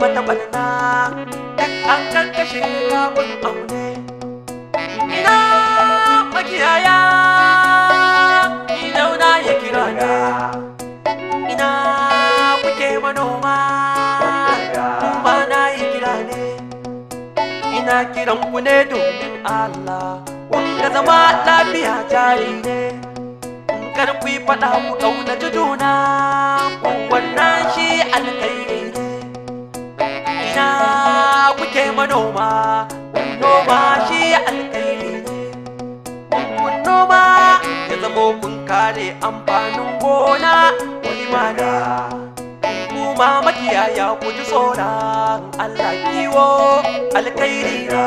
mata banana duk an kan kashe kafin aune ina makiyaya ina una ya kira ina kuke manoma kuma na yi kira ne ina kiran ku ne domin Allah wanda zama lafiya jari ne kar ku yi faɗa ku kauna juna wannan shi alkai manoma noma shi ya kun noma ya zamo kun kare amfanin gona wani mana kuma makiyaya ku ji tsoron allah kiwo alkairi na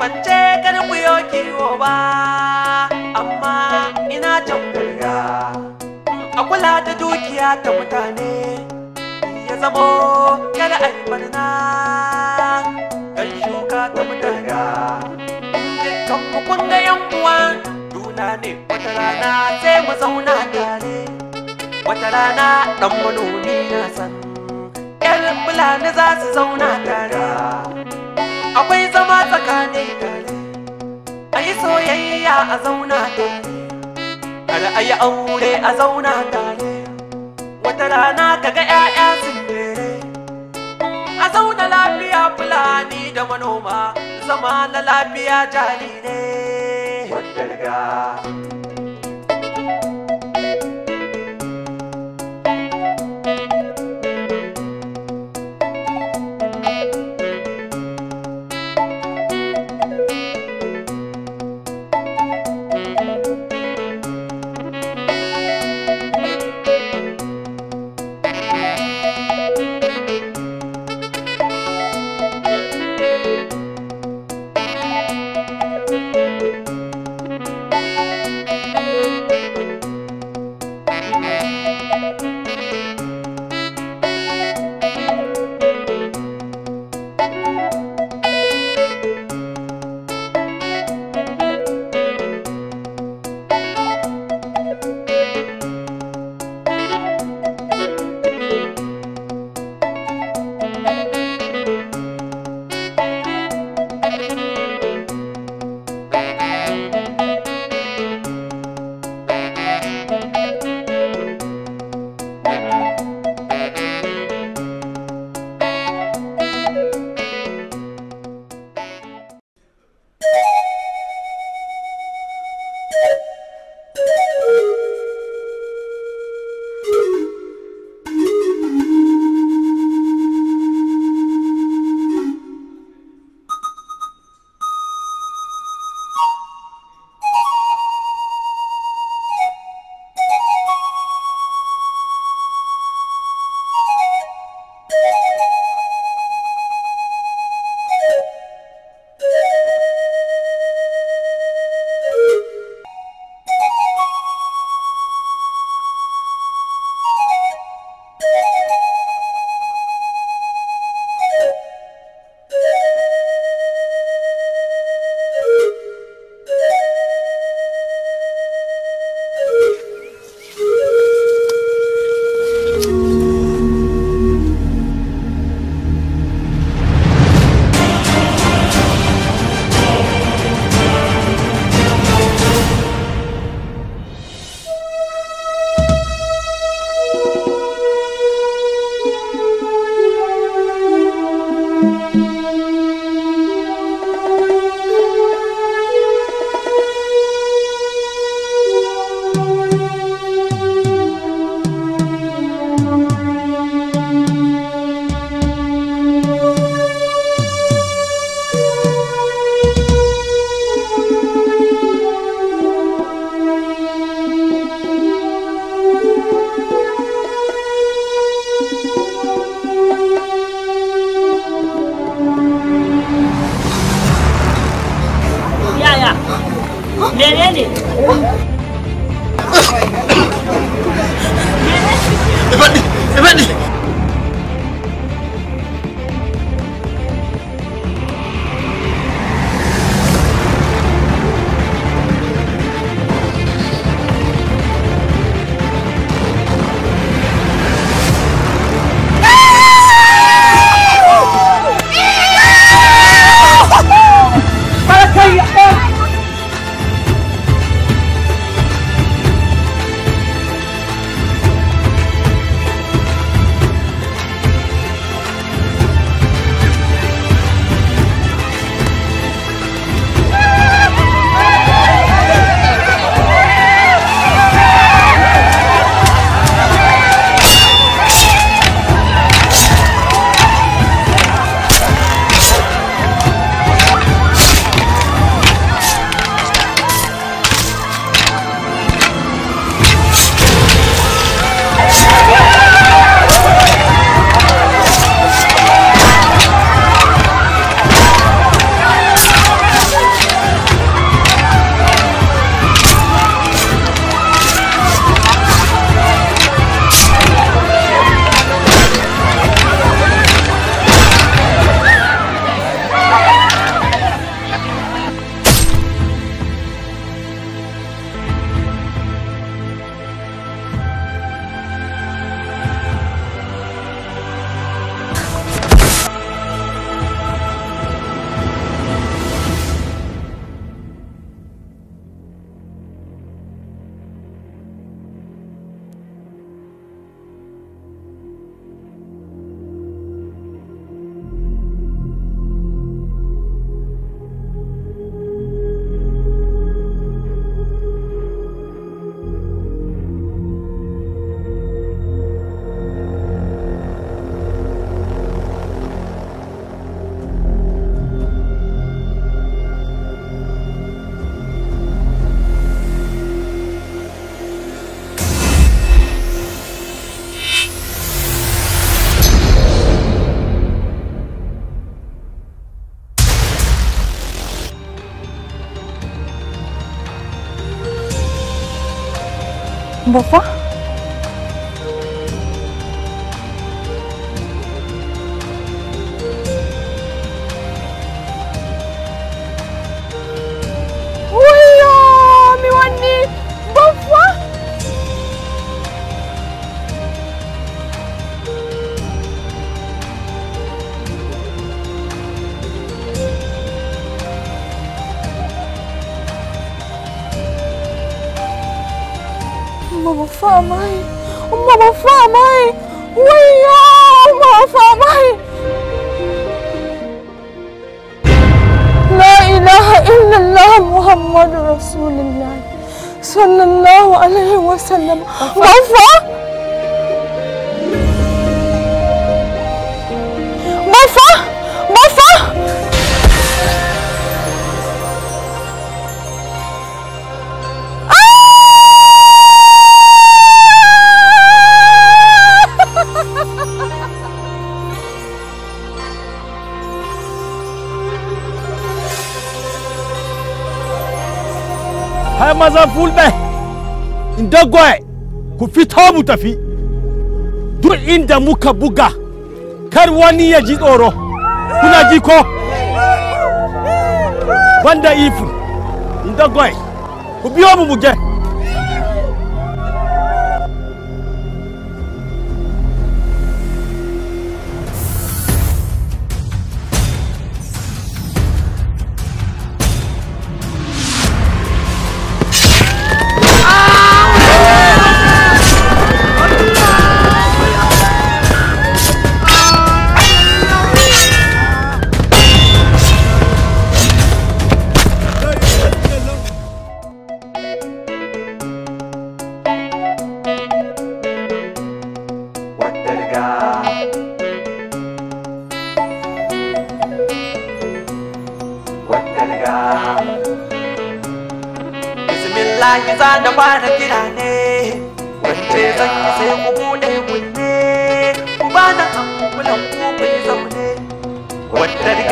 bance kar ku yo kiwo ba amma ina can kula a kula da dukiya ta mutane ya zamo kada a yi barna ta mutara kan wata rana sai mu zauna tare wata rana dan manomi na san yar fulani za su zauna tare akwai zama tsakanin tare a yi soyayya a zauna tare har a yi aure a zauna tare wata rana kaga da manoma zama na lafiya jari ne. Wanda bonsoir. famai uma ba famai waya la ilaha illallah muhammadu rasulullah sallallahu alaihi wasallam ba maza fulɓe indagoye ku fito mu tafi duk inda muka buga kar wani ya ji tsoro kuna ji ko banda ifin indagoye ku biyo mu muje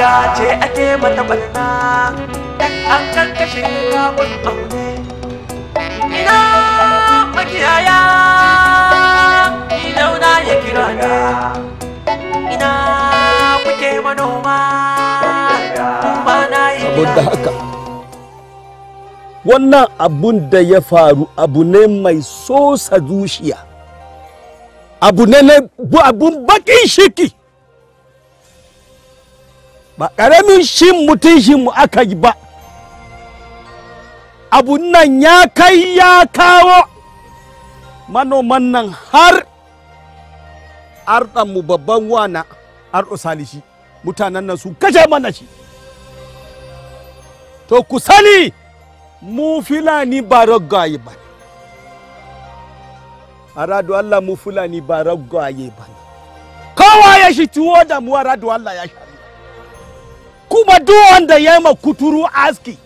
mata ce ake mata banna dan an karkashe rabon aure ina makiyaya ilauna ya kira ga ina kuke manoma kuma na yi kira haka wannan abun da ya faru abu ne mai sosa zuciya abu ne na abun bakin shiki ba ƙaramin shin mutum shin mu aka yi ba abun nan ya kai ya kawo manoman nan har mu babban wana arɗo salishi mutanen nan su kashe mana shi to ku sani mu filani ba raggaye ba aradu allah mu fulani ba raggaye ba kowa ya shi tuwo da mu aradu allah ya shi kuma duk wanda ya ma kuturu aski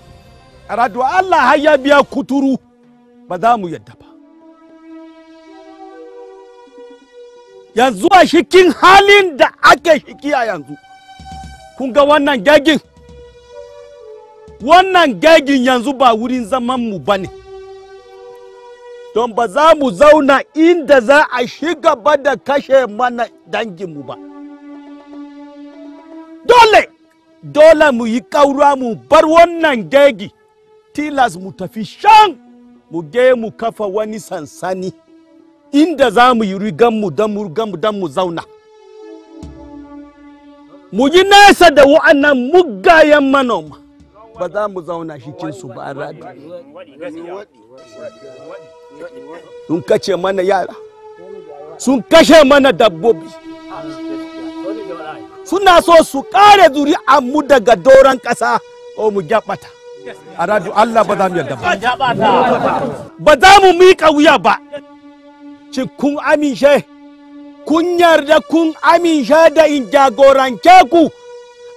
radu Allah har ya biya kuturu ba za mu yadda ba yanzu a shikin halin da ake shiki a yanzu kun ga wannan gagin wannan gagin yanzu ba wurin zaman mu ba ne don ba za mu zauna inda za a shiga ba da kashe mana danginmu ba dole dole mu yi ƙaura mu bar wannan gegi tilas mu tafi shan mu je mu kafa wani sansani inda za mu yi riganmu don mu zauna mu yi nesa da wa'annan mugayen manoma ba za mu zauna shi su ba a sun kace mana yara sun kashe mana dabbobi suna so su kare mu daga doron kasa. ko mu gyabata a radio Allah ba za mu yarda ba za mu miƙa wuya ba ci kun amince kun yarda kun amince da in jagorance ku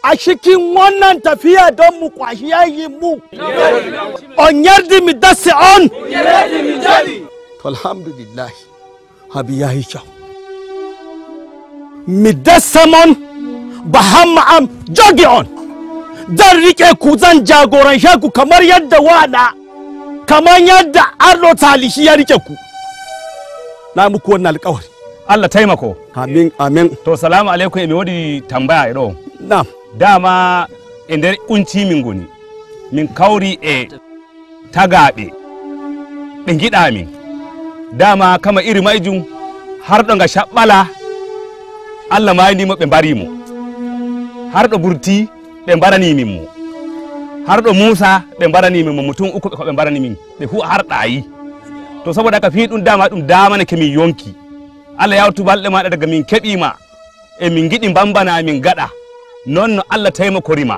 a cikin wannan tafiya don mu kwashi yayi mu on yardi mi dasi on to alhamdulillah habi yayi kyau mi dasamon bahamma'am jogion zan rike ku zan jagoran ku kamar yadda wada kamar yadda arlo talishi ya rike ku na muku wannan alkawari Allah taimako amin amin to salamu alaikum emi wadi tambaya ido Na. dama inda kunci min goni min kauri e tagabe gida min dama kama iri maijin har ɗonga shaɓɓala allah ma yi ni maɓe mu. mo har ɗo burti ɓe mbaranimin min mo har ɗo musa ɓe mbaranimin min mo mutum uku be ko ɓe mbaranimin min ɓe fu har ɗayi to saboda ka fi ɗum dama ɗum damana ke min yonki allah yawtu balɗe maɗa daga min keɓima e min giɗi bambana min gaɗa non no allah taimakorima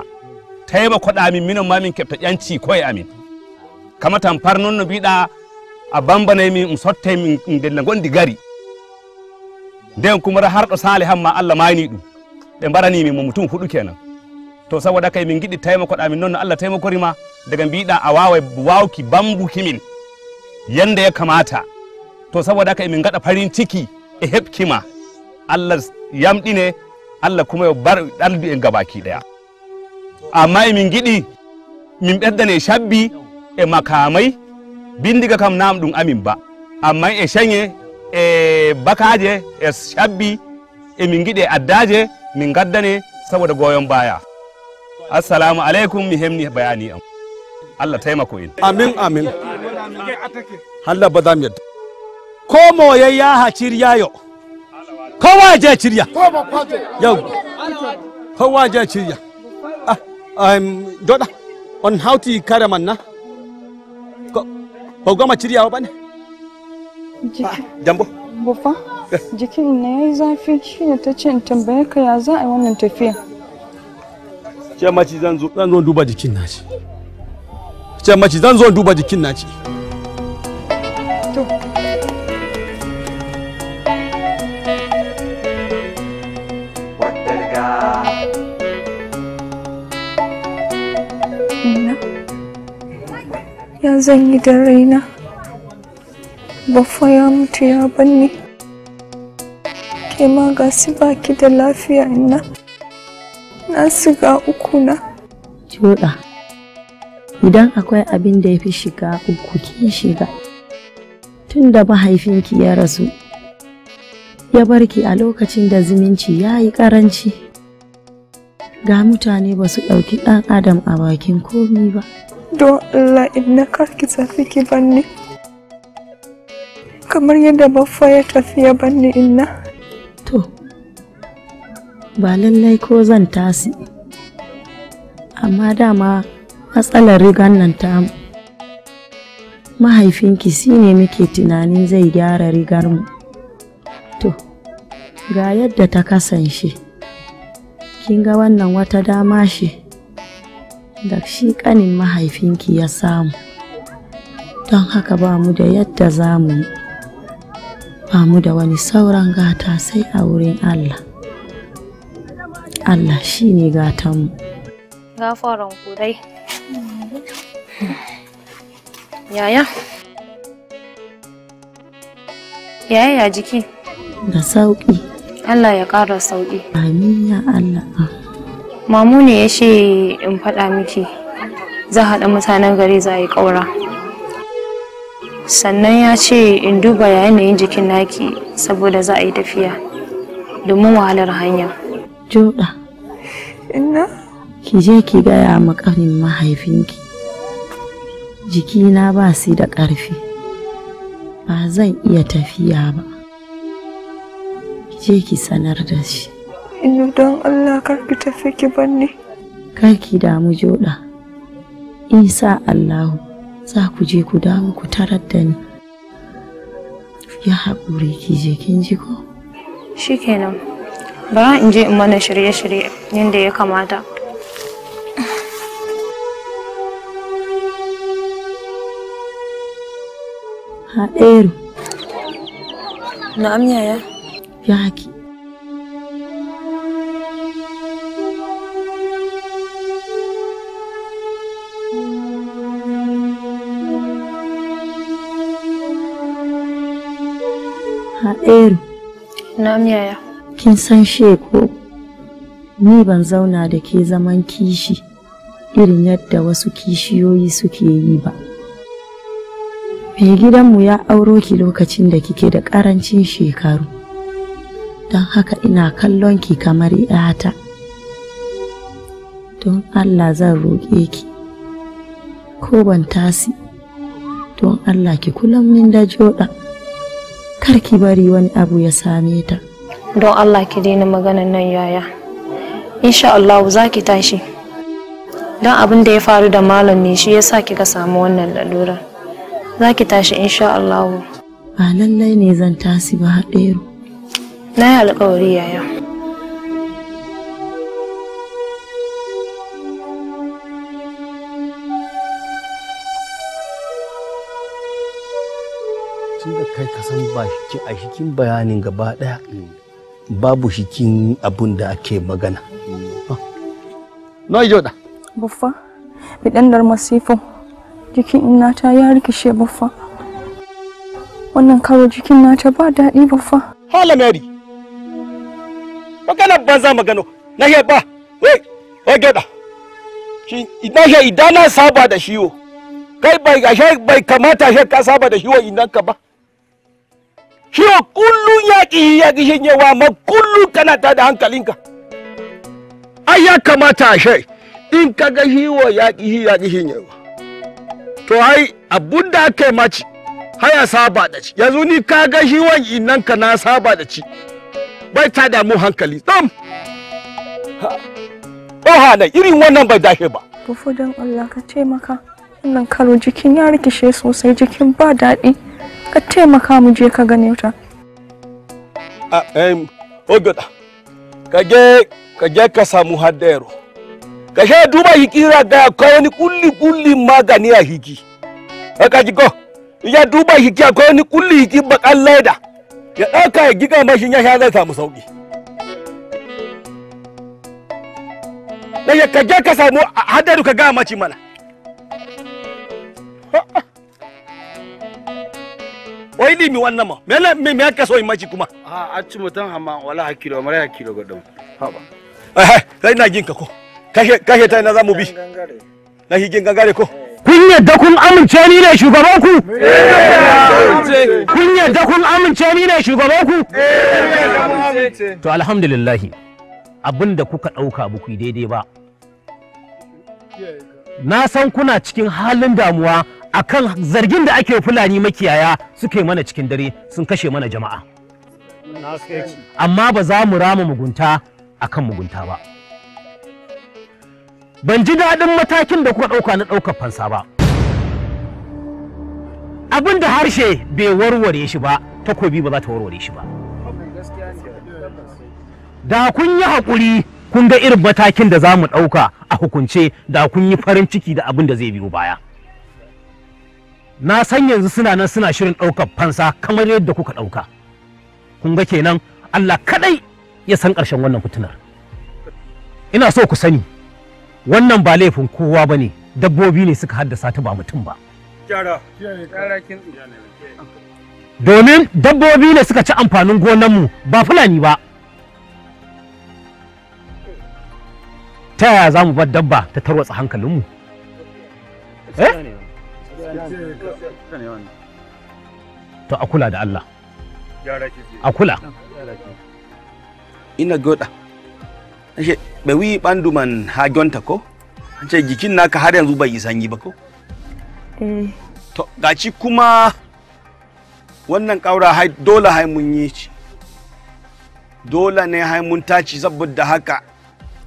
min minon ma min keɓta ƴanci koye amin kama tan par non no da a bambanay min um sotte min ndella gondi gari nden kumara har ɗo sale hamma allah mayni ɗum ɓe mbarani min mo mutum huɗu kenan to saboda kai min giɗi taimakoɗa min noon no allah taimakori ma daga mbiɗa a wawa wawki bambuki min yanda ya kamata to saboda kai min gaɗa farin ciki e hepkima allah yamɗine allah kuma yo bar ɗaldu en gabaki ɗaya amma e min giɗi min ɓeddane shabbi e makamai bindiga kam nam ɗum amin ba amma e shanye e bakaje e shabbi e min giɗe addaje min gaddane saboda goyon baya assalamu alaikum mi hemni bayani am allah taimako in amin amin allah ba za mu yadda ko moye ya hacir ko kowa je cirya yau kowa je ciriya ah um, doda on how to kare manna ko gama ciryawa ba ne jambo jikin na ya yi zafi shi ne ta ce in tambaye ka ya za a yi wannan tafiya ce mace zan zo zan zo duba jikin na ce ce mace zan zo duba jikin na ce Ya zan yi da raina, ba ya mutu ya banne. ke ma ga su baki da lafiya na na shiga uku na joda idan akwai abin da ya fi shiga uku ki shiga tun da mahaifinki ya rasu ya barki a lokacin da zumunci ya yi karanci ga mutane ba su ɗauki ɗan adam a bakin komi ba don allah in na karki tafi ki banni kamar yadda baffa ya tafi ya banni inna ba lallai ko zan tasi amma dama matsalar rigan nan ta mahaifinki shine muke tunanin zai gyara rigar mu to ga yadda ta kasance kin ga wannan wata dama shi da shi kanin mahaifinki ya samu don haka ba mu da yadda za mu yi ba mu da wani sauran gata sai a wurin Allah. Allah shi ne gatanmu. Gafaran ku dai. Yaya? Yaya ya jiki? Da sauƙi. Allah ya ƙara sauƙi. Amin ya Allah. Mamu ne ya ce in faɗa miki za haɗa mutanen gari za a yi ƙaura. Sannan ya ce in duba yanayin jikin naki saboda za a yi tafiya domin wahalar hanya. Joda. ina Ki je ki gaya ma mahaifin mahaifinki. Jikina ba su da ƙarfi. Ba zan iya tafiya ba. Ki je ki sanar da shi. ina don Allah kar ki tafi ki banni. Kar ki damu Joda. Isa Allahu za ku je ku damu ku tarar da ni. Ya haƙuri ki je kin ji ko? Shikenan. bara in je in mana shirye-shirye yadda ya kamata haɗeru na'am yaya ya haki haɗeru na'am yaya kin san sheko ni ban zauna da ke zaman kishi irin yadda wasu kishiyoyi suke yi ba mai gidanmu ya auro ki lokacin da kike da ƙarancin shekaru don haka ina kallon ki kamar 'yata don allah zan roƙe ki ko ban tasi don allah ki kula min da joɗa kar ki bari wani abu ya same ta don Allah ki daina maganan nan yaya insha Allah za ki tashi don abin da ya faru da malam ne shi yasa kika samu wannan lalura za ki tashi insha Allah ba lallai ne zan tasi ba haɗeru na yi alƙawari yaya kai ka san ba shi a bayanin gaba ɗaya babu shikin abun da ake magana. Ah. Nawa joda? Buffa, bidan dar masifo, jikin ta ya rikishe buffa. Wannan karo jikin nata ba daɗi buffa. Hala Mary, magana banza magana, na ba, wai, wai joda. Ina idana saba da shiwo, kai bai kamata shi ka saba da shiwo inan ka ba. shiwa kullum yaƙi ya gishin yawa ma kullum kana ta da hankalinka ai ya kamata shai in ka ga shiwa yaƙi ya gishin yawa to ai abun da aka yi maci haya saba da ci yanzu ni ka ga shiwan innan ka na saba da ci bai ta damu hankali tsam Oha na irin wannan bai dace ba. Bufo don Allah ka taimaka. Wannan karo jikin ya rikishe sosai jikin ba daɗi. ka taimaka mu je ka gane ta a ah, em ogoda ka je ka je ka samu haddero ka she duba hikira ga akwai ni kulli kulli magani a hiki ka ji go ya duba hiki akwai ni kulli hiki bakan leda ya dauka ya giga mashin ya sha zai samu sauki ya ka je ka samu haddero ka ga maci mana. oyi limi wannan ma mele me me aka so maji kuma a acci mutan amma wala hakilo mara hakilo gadon haba eh, eh kai na jinka ko kashe kashe ta na zamu bi na higin gangare ko eh. kun yadda kun amince ni ne shugaban ku eh, kun yadda kun amince ni ne shugaban ku to alhamdulillah abin kuka dauka ba ku daidai ba na san kuna cikin halin damuwa akan zargin da ake fulani makiyaya suke mana cikin dare sun kashe mana jama'a amma ba za mu rama mugunta akan mugunta ba ban ji daɗin matakin da kuka ɗauka na ɗaukar fansa ba abin da harshe bai warware shi ba takobi ba za ta warware shi ba da kun yi hakuri kun ga irin matakin da za mu ɗauka a hukunce da kun yi farin ciki da abin da zai biyo baya na san yanzu suna nan suna shirin ɗaukar fansa kamar yadda kuka ɗauka kun ga kenan Allah kadai ya san ƙarshen wannan fitinar ina so ku sani wannan ba laifin kowa ba ne dabbobi ne suka haddasa ta ba mutum ba domin dabbobi ne suka ci amfanin gonanmu ba fulani ba ta yaya za mu bar dabba ta tarwatsa hankalinmu eh to a kula da Allah a kula ina goda ashe wi banduman hajonta ko Ashe, jikin naka har yanzu bai yi sanyi ba ko eh. to gaci kuma wannan kaura hai dole hai yi ci dole ne hai mun taci saboda haka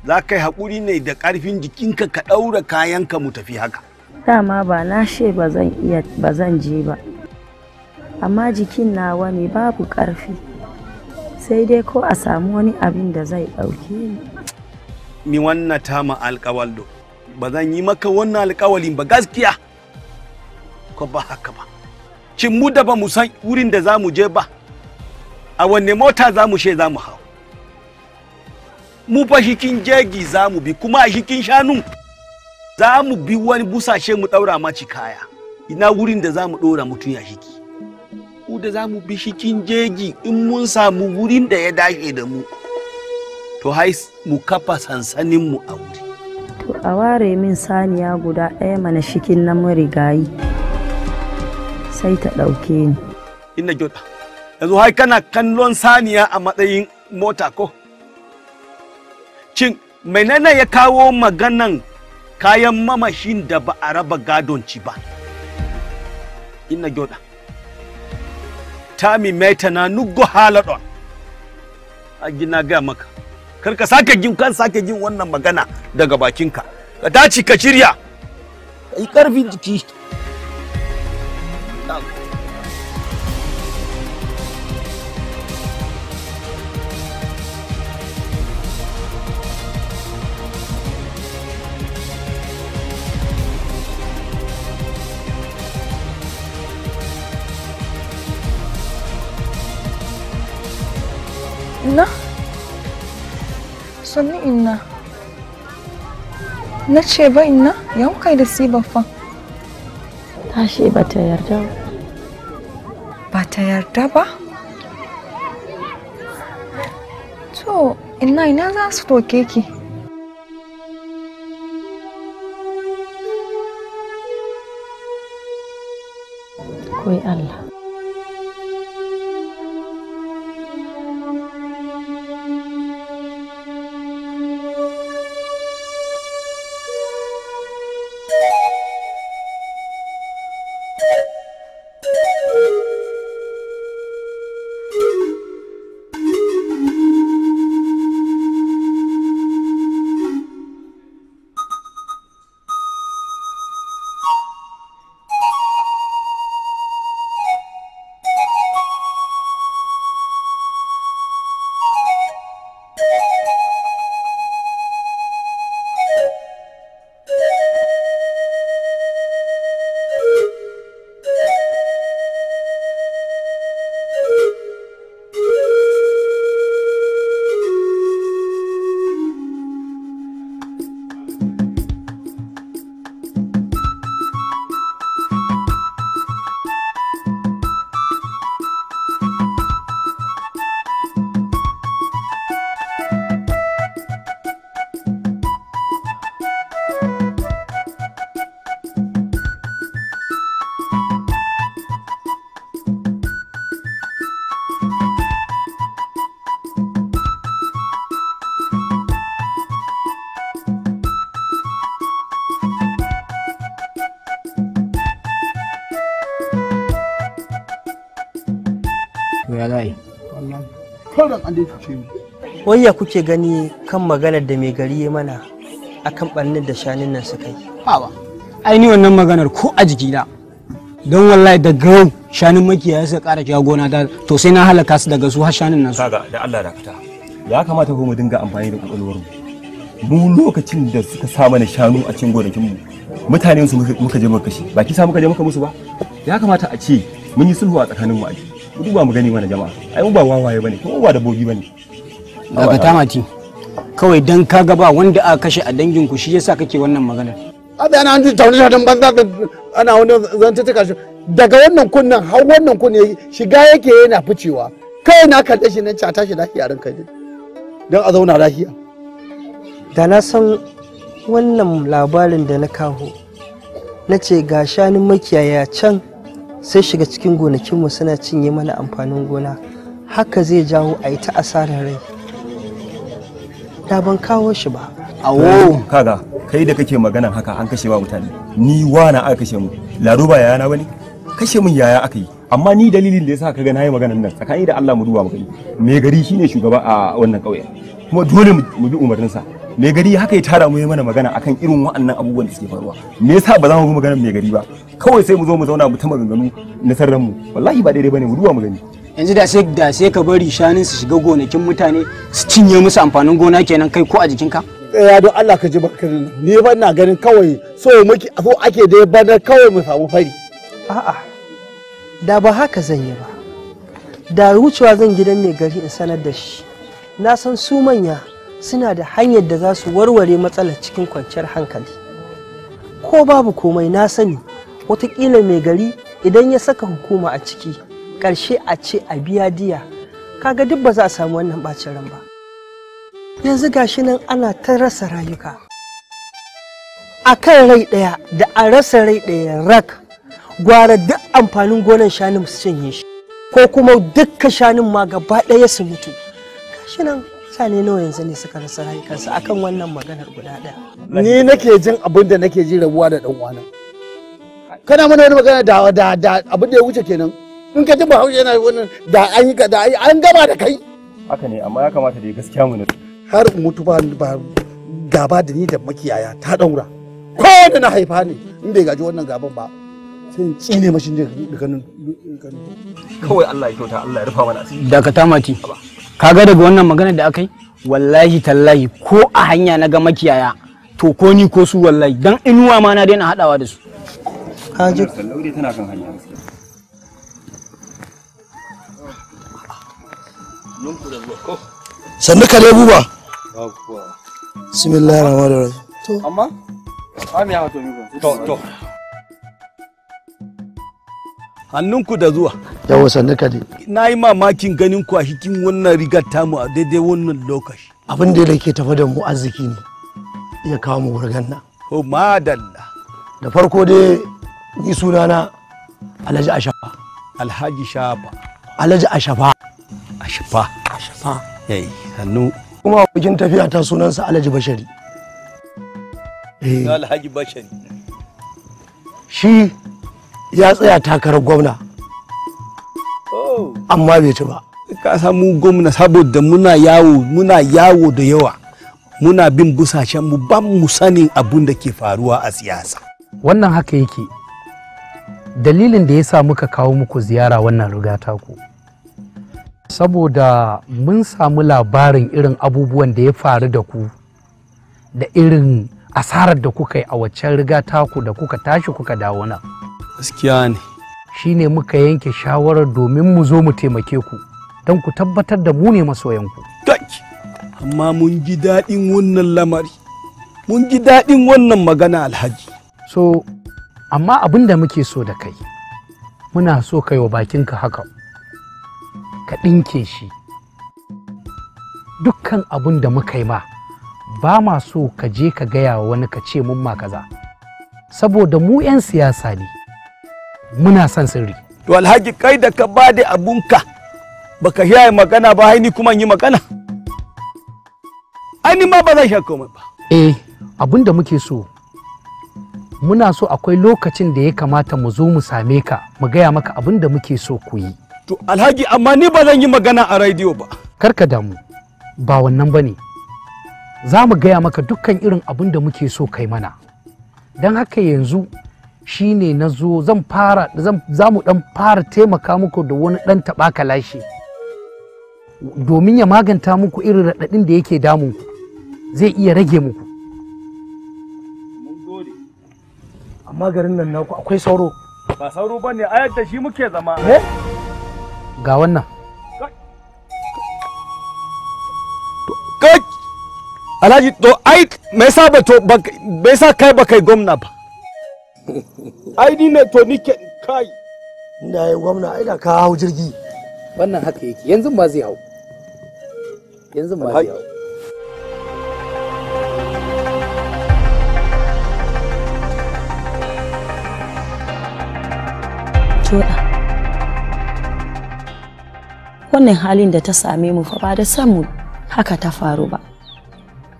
za ka yi haƙuri ne da ƙarfin jikinka ka ɗaura kayanka mu tafi haka dama ba na she ba zan je ba amma jikin nawa ne babu ƙarfi sai dai ko a samu wani abin da zai ɗauke ni mi wannan tama alkawaldo ba zan yi maka wannan alƙawalin ba gaskiya ko ba haka ba cin mu da ba mu san wurin da za mu je ba a wanne mota za mu she za mu hau mu fa shikin jegi za mu bi kuma a kin shanu za mu bi wani busashe mu ɗaura maci kaya ina wurin da za mu ɗora mutum ya shiki ku da za mu bi shikin jeji in mun samu wurin da ya dace da mu to hai mu kafa sansanin mu a wuri to a ware min saniya guda ɗaya mana shikin na rigayi sai ta ɗauke ni ina jota yanzu hai kana kallon saniya a matsayin mota ko cin menene ya kawo maganan kayan mamashin da ba a raba gadon ci ba Ina gyoda tami maita na nugu haladon a gina ga maka kar sake jin kan sake jin wannan magana daga bakinka ka dace ka shirya ka yi karfin jiki sanni inna na ce ba inna ya kai da si ta tashi ba ta yarda ba ta yarda ba to inna ina za su doke ki koyi Allah Wai ya wayya kuke gani kan maganar da mai gari ya mana a kan ɓannin da shanun nan suka yi ba ai ni wannan maganar ko a jikina don wallahi da gau shanun makiyaya suka ƙara kiya gona ta to sai na halaka su daga su har shanun nan su kaga da Allah da fita ya kamata ko mu dinga amfani da ƙwaƙwalwar mu mu lokacin da suka sa mana shanu a cikin gonakin mu mutane su muka je muka kashe ba ki sa muka je muka musu ba ya kamata a ce mun yi sulhu a tsakanin mu a ku ba mu gani mana jama'a ai mu ba wawaye bane kuma ba dabbobi bogi bane daga tamati kawai dan ka ga ba wanda aka kashe a dangin ku shi yasa kake wannan magana a da ana hanji tauni shatan banza ana wani zantattuka shi daga wannan kunnen har wannan kunne shiga yake yana ficewa kai na kalle shi nan cata shi lafiya ranka ne dan a zauna lafiya da na san wannan labarin da na kawo na ce ga shanin makiyaya can sai shiga cikin gonakinmu suna cinye mana amfanin gona haka zai jawo a yi ta asarar rai da ban kawo shi ba awo kaga kai da kake maganan haka an kashe wa mutane ni wana aka kashe mu laruba yayana bane kashe mun yaya aka yi amma ni dalilin da yasa ka ga nayi maganan nan tsakani da Allah mu duba mu gani me gari shine shugaba a wannan kauye kuma dole mu bi umarninsa sa mai gari haka ya tara mu yi mana magana akan irin wa'annan abubuwan da suke faruwa me yasa ba za mu bi maganar mai gari ba kawai sai mu zo mu zauna mu ta maganganu na sarran mu wallahi ba daidai bane mu duba mu gani yanzu da sai da sai ka bari shanun su shiga gonakin mutane su cinye musu amfanin gona kenan kai ko a jikinka ya eh, don Allah ka ji bakarin ni ba ina ganin kawai so muke so ake dai bana kawai mu samu fari a'a da ba haka zan yi ba da wucewa zan gidan mai gari in sanar da shi na san su manya suna da hanyar da za su warware matsalar cikin kwanciyar hankali ko babu komai na sani watakila mai gari idan ya saka hukuma a ciki ƙarshe a ce a biya diya kaga duk ba za a samu wannan bacin ran ba yanzu gashi nan ana ta rasa rayuka a kan rai ɗaya da a rasa rai ɗaya rak gwara duk amfanin gonan shanun su cinye shi ko kuma dukkan shanun ma gaba ɗaya su mutu gashi nan mutane nawa yanzu ne suka rasa rayukansu akan wannan maganar guda ɗaya. Ni nake jin abin da nake ji rabuwa da ɗan uwana. Kana mana wani magana da da da abin da ya wuce kenan. In ka ji Bahaushe yana wani da an yi da an gama da kai. Haka ne amma ya kamata da gaskiya mu Har mutu ba gaba da ni da makiyaya ta ɗaura. Ko da na haifa ne in bai gaji wannan gaban ba. Sai tsine mashin da ganin. Kawai Allah ya kyauta Allah ya rufa mana asiri. Dakata mati. kaga daga wannan magana da aka yi wallahi tallahi ko a hanya na ga makiyaya to ko ni ko su wallahi dan inuwa ma na daina hadawa da su tana kan hanya sannu ka lebu ba bismillahir rahmanir rahim to amma to to hannunku da zuwa yawa sannuka ne na yi mamakin ganin ku a cikin wannan rigar tamu a daidai wannan lokaci abin da yake tafi da mu arziki ne ya kawo mu wurgan nan ko madalla da farko dai ni sunana alhaji ashafa alhaji shafa alhaji ashafa ashafa ashafa yayi hannu kuma bikin tafiya ta sunansa alhaji bashari eh alhaji bashari shi ya tsaya takarar gwamna oh. amma bai ci ba ka samu gwamna saboda muna yawo muna yawo da yawa muna bin busashen mu ban mu sanin abun da ke faruwa a siyasa wannan haka yake dalilin da ya sa muka kawo muku ziyara wannan rigata ku saboda mun samu labarin irin abubuwan da ya faru da ku da irin asarar da kuka yi a waccan rigata ku da kuka tashi kuka dawo nan gaskiya ne shi ne muka yanke shawarar domin mu zo mu taimake ku don ku tabbatar da mu ne masoyanku amma mun ji daɗin wannan lamari mun ji daɗin wannan magana alhaji so amma abin da muke so da kai muna so kai wa bakinka haka ka ɗinke shi dukkan abin da muka yi ma ba ma so ka je ka gaya wa wani ka ce mun ma kaza saboda mu 'yan siyasa ne muna son sirri to alhaji kai da ka ba da abunka baka yi magana ba haini kuma yi magana ani ma ba zan sha komai ba eh abun da muke so muna so akwai lokacin da ya kamata mu zo mu same ka mu gaya maka abun da muke so ku yi to alhaji amma ni ba zan yi magana a rediyo ba karka damu ba wannan ba ne za mu gaya maka dukkan irin abun da muke so kai mana don haka yanzu shine na zo zan fara za mu dan fara taimaka muku da wani dan taɓa kalashi domin ya maganta muku irin raɗaɗin da yake damun ku zai iya rage muku amma garin nan naku akwai sauro ba sauro bane ayar da shi muke zama ga wannan alhaji to ai mai sa ba to bai sa kai ba kai gwamna ba ai ni ne to nike kai inda yayi gwamna ai da ka hau jirgi wannan haka yake yanzu ma zai hau yanzu ma zai hau wannan halin da ta same mu fa ba da samu haka ta faru ba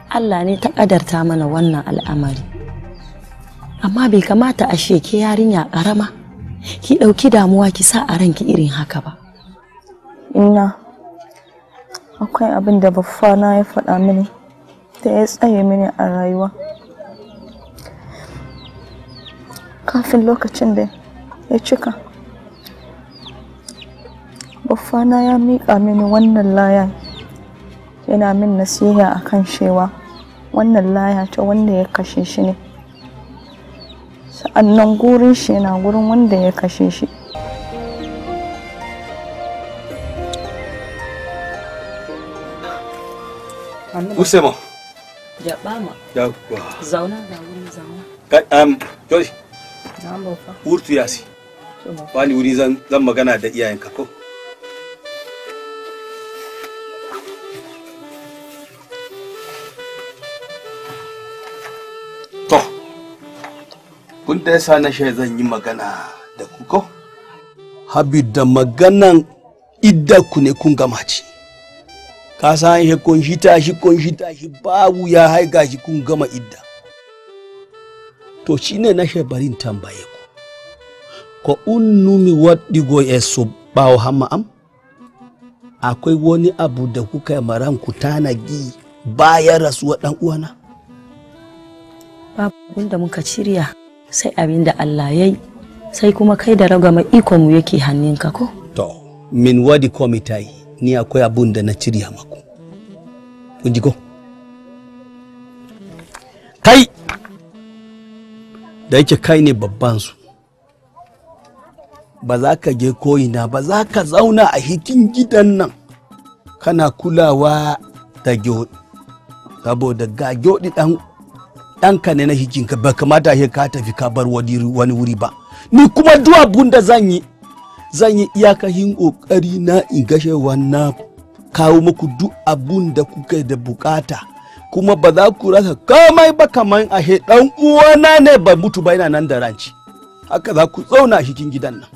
Allah ne ta ƙadarta mana wannan al'amari amma bai kamata a sheke yarinya ƙarama ki ɗauki damuwa ki sa a ranki irin haka ba ina akwai abin da na ya faɗa mini da ya tsaye mini a rayuwa kafin lokacin da ya cika na ya miƙa mini wannan laya yana min nasiha akan cewa wannan laya ta wanda ya kashe shi ne sa'annan gurin shi yana gurin wanda ya kashe shi ya Usema. ya Yawwa. Zauna da wurin zauna. Ka um Jori. Zan bofa. Wurtu ya yasi. Bani wuri zan magana da iyayen ka ko? da yasa na shi zan yi magana da ku ko habida maganan idda ku ne kun gama ci ka san he kun shi ta shi kun shi ta babu ya haiga shi kun gama idda to shine na shi barin tambaye ku ko unnumi waddigo ya e so bawo hama am akwai wani abu da kuka yi maran ku tanagi bayan rasuwa dan uwana babu da muka shirya sai abin da Allah ya yi sai kuma kai da ragama ikon mu yake hannunka ko to min wadi komitai ni akwai abun da na cirya maku kun ji kai da yake kai ne babban su ba za ka je koyina ba za ka zauna a hikin gidan nan kana kulawa da gyo saboda ga gyo ɗan ɗanka ne na hijinka ba kamata ya ka tafi ka bar wani wuri ba ni kuma duk abun da zan yi zan yi iyakahin ƙoƙari na in gashe wannan kawo muku duk abun da kuka da bukata kuma ba za ku rasa komai ba kamar a ɗan uwana ne ba mutu ba yana nan da ranci haka za ku zauna a cikin gidan nan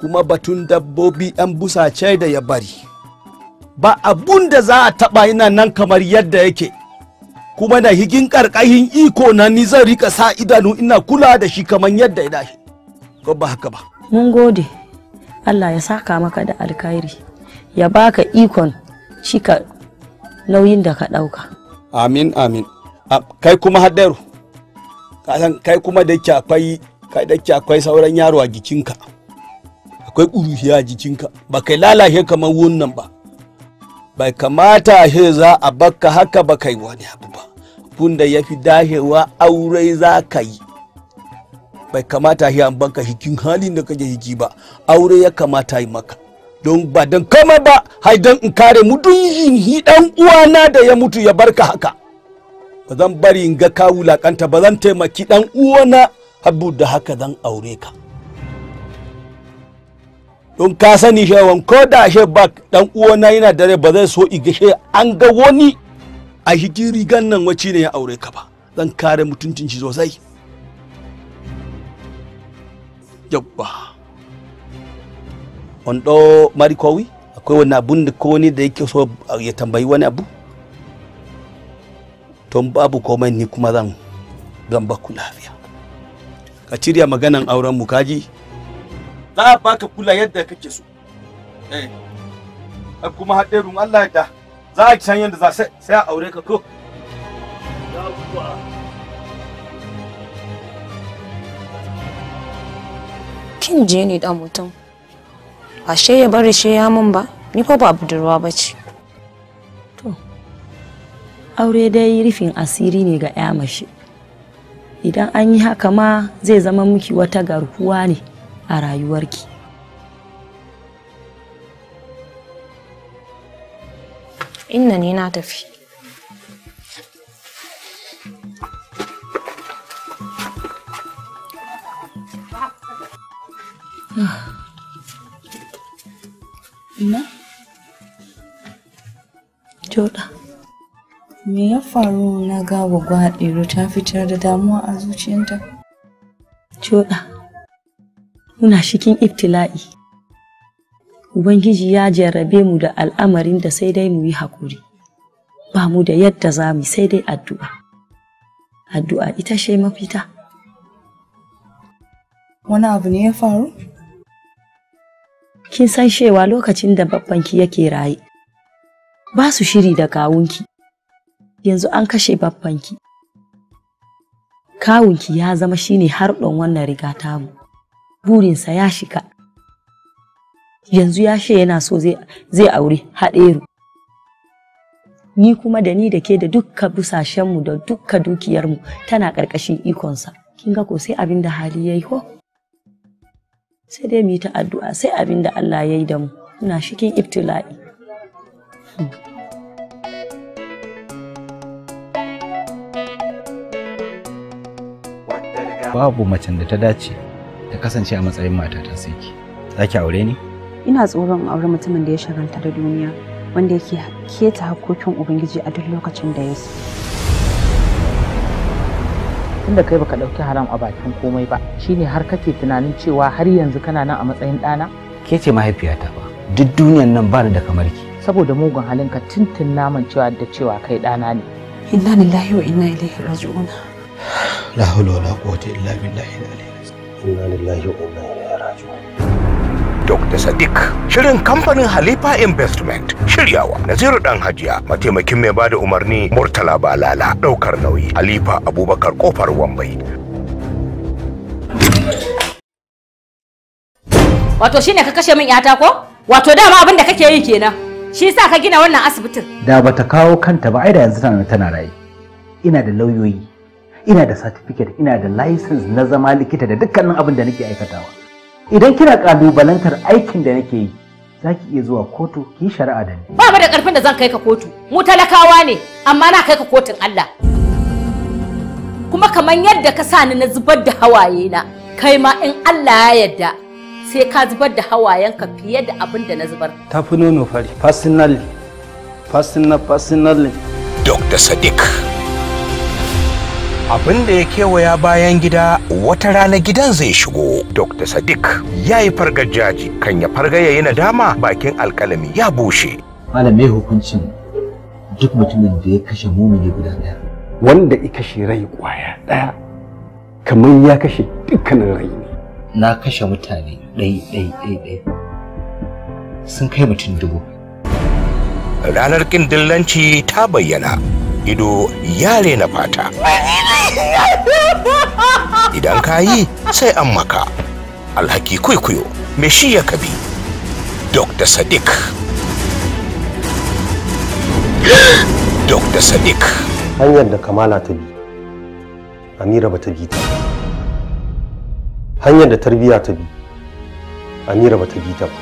kuma batun dabbobi 'yan busace da ya bari ba abun da za a taɓa yana nan kamar yadda yake kuma da higin karkashin iko na ni zan rika sa idanu ina kula da shi kamar yadda ya dace, ko ba haka ba mun gode Allah ya saka maka da alkhairi ya baka ikon cika nauyin da ka dauka amin amin kai kuma haddaru kai kuma da akwai kai da akwai sauran yaro a jikinka akwai ƙuruhiya a jikinka ba kai lalace kamar wannan ba bai kamata ashe za a bakka haka ba kai wani abu ba abun da ya fi dahewa aure za ka yi bai kamata shi an banka hikin halin da kaje hiki ba aure ya kamata yi maka don ba don kama ba hai don in kare mutuncin yin dan uwana da ya mutu ya barka haka ba zan bari in ga ka wulakanta ba zan taimaki dan uwana habu da haka zan aure ka don ka sani shewan ko da she ba dan uwana yana dare ba zai so igashe an ga wani a shikin rigan nan wace ne ya aure ka ba zan kare mutuncin shi sosai yabba wando marikowi akwai wani abun da ko wani da yake so ya tambayi wani abu Ton babu komai ni kuma zan zan baku lafiya ka cirya maganan auren mu kaji za a baka kula yadda kake so eh kuma haɗerin Allah ya da za a san yadda za sai a aure ka ko kin je ni da mutum ashe ya bari she ya mun ba ni fa ba budurwa ba ce to aure dai rufin asiri ne ga ƴa mashi idan an yi haka ma zai zama miki wata garkuwa ne a rayuwarki inna ne na tafi Ina? Joda. Me ya faru na ga gwaɗe ta fitar da damuwa a zuciyarta? Joda. muna cikin ibtila'i ubangiji ya jarrabe mu da al'amarin da sai dai mu yi hakuri, ba mu da yadda za mu sai dai addu'a addu'a ita ce mafita wani abu ne ya faru kin san cewa lokacin da babbanki yake raye ba su shiri da kawunki yanzu an kashe babbanki kawunki ya zama shine har harɗon wannan riga tamu burinsa ya shiga yanzu ya she yana so zai aure haɗeru ni kuma da ni da ke da dukka busashenmu da dukkan dukiyarmu tana ƙarƙashin ikonsa kin ga ko sai abin da hali ya yi ko sai dai mu yi ta addu'a sai abin da Allah ya yi da mu ina shikin ibtila'i babu macen da ta dace ta kasance a matsayin matata sai za ki aure ni ina tsoron aure mutumin da ya shagalta da duniya wanda yake keta hakokin ubangiji a duk lokacin da ya so tunda kai baka dauki haram a bakin komai ba shi ne har kake tunanin cewa har yanzu kana nan a matsayin ɗana ke ce mahaifiyata ba duk duniyan nan ba ni da kamar ki saboda mugun halinka tuntun naman cewa da cewa kai ɗana ne inna lillahi wa inna ilaihi raji'un la hawla wala quwwata illa billahi al inna lillahi wa inna ilaihi raji'un Dr. Sadiq. Shirin kamfanin Halifa Investment. Shiryawa Naziru Dan Hajiya, mataimakin mai bada umarni Murtala Balala, ɗaukar nauyi Halifa Abubakar Kofar Wambai. Wato shine ka kashe min yata ko? Wato dama abin da kake yi kenan. Shi yasa ka gina wannan asibitin. Da bata kawo kanta ba ai da yanzu tana tana raye. Ina da lauyoyi. ina da certificate ina da license na zama likita da dukkanin abin da nake aikatawa idan kina kalubalantar aikin da nake yi za ki iya zuwa kotu ki shari'a da ni ba da karfin da zan kai ka kotu mu talakawa ne amma na kai ka kotun Allah kuma kamar yadda ka sani na zubar da hawaye na kai ma in Allah ya yarda sai ka zubar da hawayenka fiye da abin da na zubar Ta fi nono fari personally personal personally Dr. Sadiq abin da ya kewaya bayan gida wata rana gidan zai shigo dr sadiq ya yi fargar jaji kan ya farga ya yi nadama bakin alkalami ya bushe malamai hukuncin duk mutumin da ya kashe mumini guda daya wanda ya kashe rai kwaya daya kamar ya kashe dukkanin rai ne na kashe mutane ɗai ɗai ɗai ɗai sun kai mutum dubu ranar kin dillanci ta bayyana ido ya na fata idan ka yi sai an maka alhaki kwaikwayo me shi ya kabi dr sadiq dr sadiq hanyar da kamala ta bi amira ba ta bi ta hanyar da tarbiya ta bi amira ba ta bi ta ba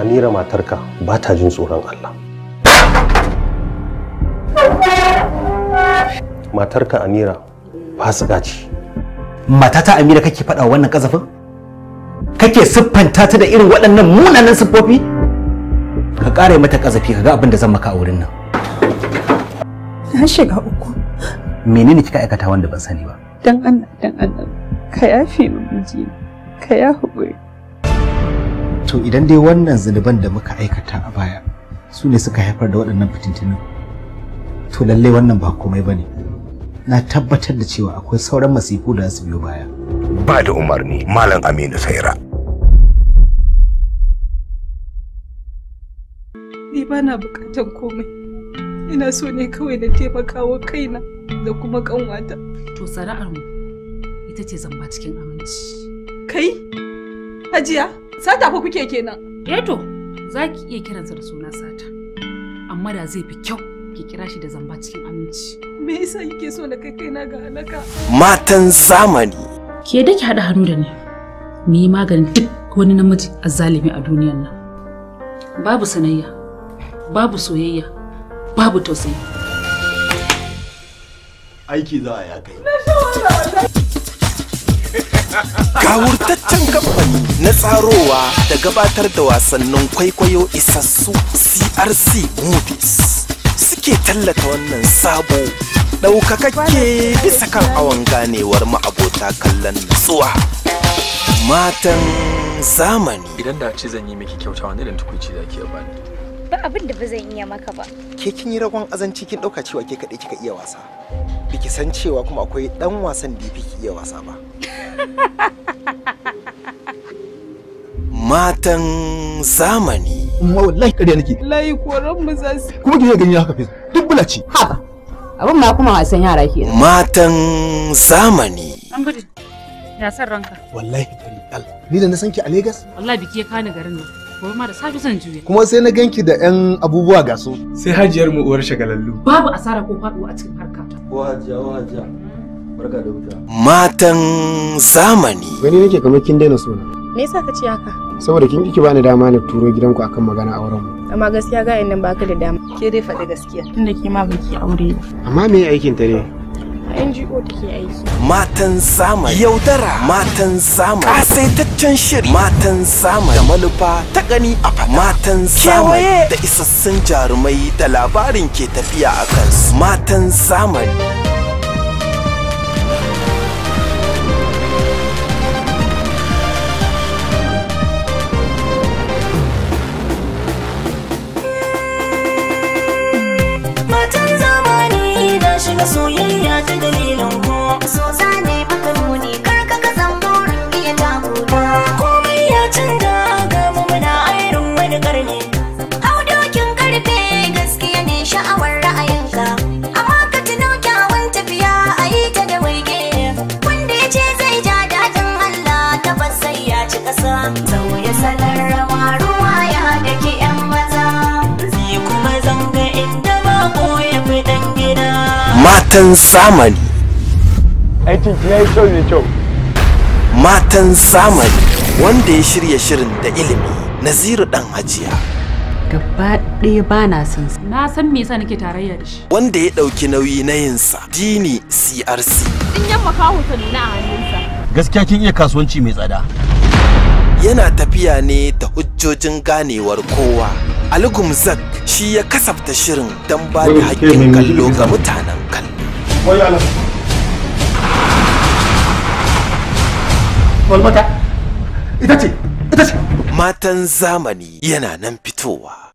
amira matarka ba ta jin tsoron allah matarka amira fasika ce matata amira kake faɗa wannan kazafin kake siffanta ta da irin waɗannan munanan siffofi ka ƙara mata kazafi ka ga abin da zan maka a wurin nan na shiga uku menene kika aikata wanda ban sani ba dan Allah dan Allah ka yafe min miji ka ya hukuri. to idan dai wannan zuluban da muka aikata a baya su ne suka haifar da waɗannan fitintunan to lallai wannan ba komai ba ne na tabbatar da cewa akwai sauran masifu da su biyo baya ba da umarni malam aminu saira ni ba na bukatar komai ina so ne kawai na taimaka wa kaina da kuma kanwata to sana'ar mu ita ce zamba cikin aminci kai hajiya sata fa kuke kenan eh to za ki iya kiransa da suna sata amma da zai fi kyau ki kira shi da zamba cikin aminci me yasa so na kai kaina ga halaka matan zamani ke da ki hada hannu da ni ni maganin duk wani namiji a zalimi a duniyar nan babu sanayya babu soyayya babu tausayi aiki za a ya kai gawurtaccen kamfani na tsarowa da gabatar da wasannin kwaikwayo isassu crc movies kake tallata wannan sabo ɗaukakakke bisa kan awon ganewar ma'abota kallon nutsuwa matan zamani idan da ci zan yi miki kyauta wani irin tukuci zaki ki bani ba abin da ba zan iya maka ba ke kin yi ragon azanci kin ɗauka cewa ke kaɗai kika iya wasa biki san cewa kuma akwai ɗan wasan da ya fi iya wasa ba matan zamani amma wallahi ƙarya nake wallahi koran mu za kuma ki ganye haka fesa duk bula ce haba abin ma kuma wasan yara ke matan zamani an budi ya san ranka wallahi tal ni da na san ki a Lagos wallahi biki ya kani garin nan gobe ma da safe zan juye kuma sai na ganki da yan abubuwa ga su sai hajiyar mu uwar shagalallu babu asara ko faduwa a cikin harka ko hajiya ko hajiya barka da wuta matan zamani gani nake kamar kin daina suna. me yasa ka ce haka saboda kin ki bani dama na turo gidanku akan magana auren mu amma gaskiya ga nan baka da dama ke dai faɗi gaskiya tunda ke ma baki aure amma me aikin ta ne NGO take aiki. Matan zamani. Yaudara. Matan zamani. asaitaccen shiri. Matan zamani. Da malufa ta gani a fata. Matan zamani. Da isassun jarumai da labarin ke tafiya a kansu. Matan zamani. na soyayya ta dalilin ku so zane maka nuni kar ka ka san iya takuta komai ya canza ga mu muna irin wani karni hau dokin karfe gaskiya ne sha'awar ra'ayinka amma ka tuno kyawun tafiya a yi ta da waige wanda ya ce zai ja daɗin Allah tabbas sai ya ci ƙasa sauya salar rawa matan zamani aikin ki yayi kyau ne kyau matan zamani wanda ya shirya shirin da ilimi naziru dan hajiya gaba ɗaya ba na son na san me yasa nake tarayya da shi wanda ya ɗauki nauyi na yinsa dini crc in yamma kawo ta nuna a hannunsa gaskiya kin iya kasuwanci mai tsada yana tafiya ne da hujjojin ganewar kowa Ali Gumzak shi ya kasafta shirin don ba da haƙƙin kallo ga mutanen kallo. wai alam walmata ita ce ita ce matan zamani yana nan fitowa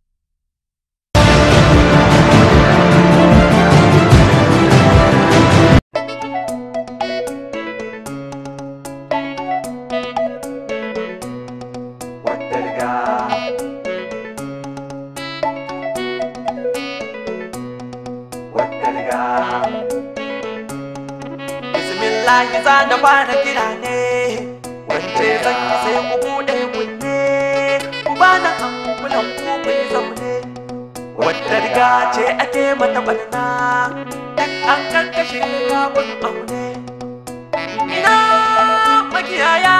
maza na fara kira ne wance zan yi sai ku bude kunne ku bana an kulan ku mai zaune wata riga ce ake mata barna dan an karkashe kafin aune ina makiyaya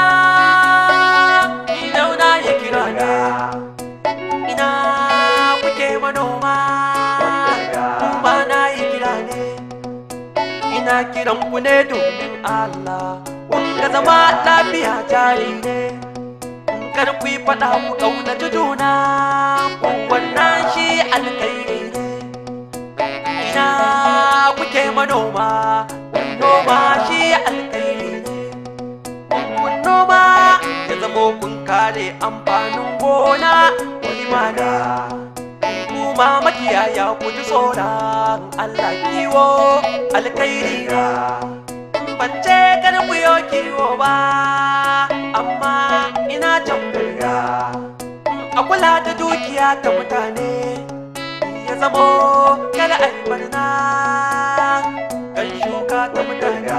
ni ya kira ne ina kuke manoma ku bana ya kira ne ina kiran ku ne domin Allah wanga zama lafiya jari ne karfi faɗa ku ƙaunaci juna wannan shi alkairi ne ina kuke manoma noma shi alkairi ne kun noma ya zama kun kare amfanin gona wani da kuma makiyaya ku ji tsoron Allah kiwo alkairi ne ban ce ganin mu kiwo ba amma ina can birga a kula da dukiya ta mutane ya zamo kada a yi barna kan shuka ta mutane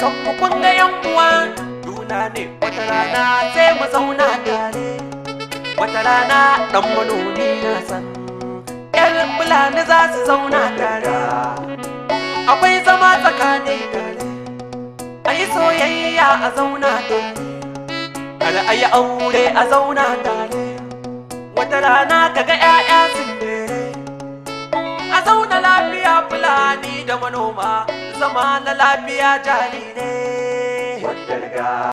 dukkan mu ga yan uwa ne wata rana sai mu zauna tare wata rana dan manoni na san 'yan fulani za su zauna tare akwai zama tsakanin tare a yi soyayya a zauna tare kar a yi aure a zauna tare wata rana kaga 'ya'ya sun dere a zauna lafiya fulani da manoma zama na lafiya jari ne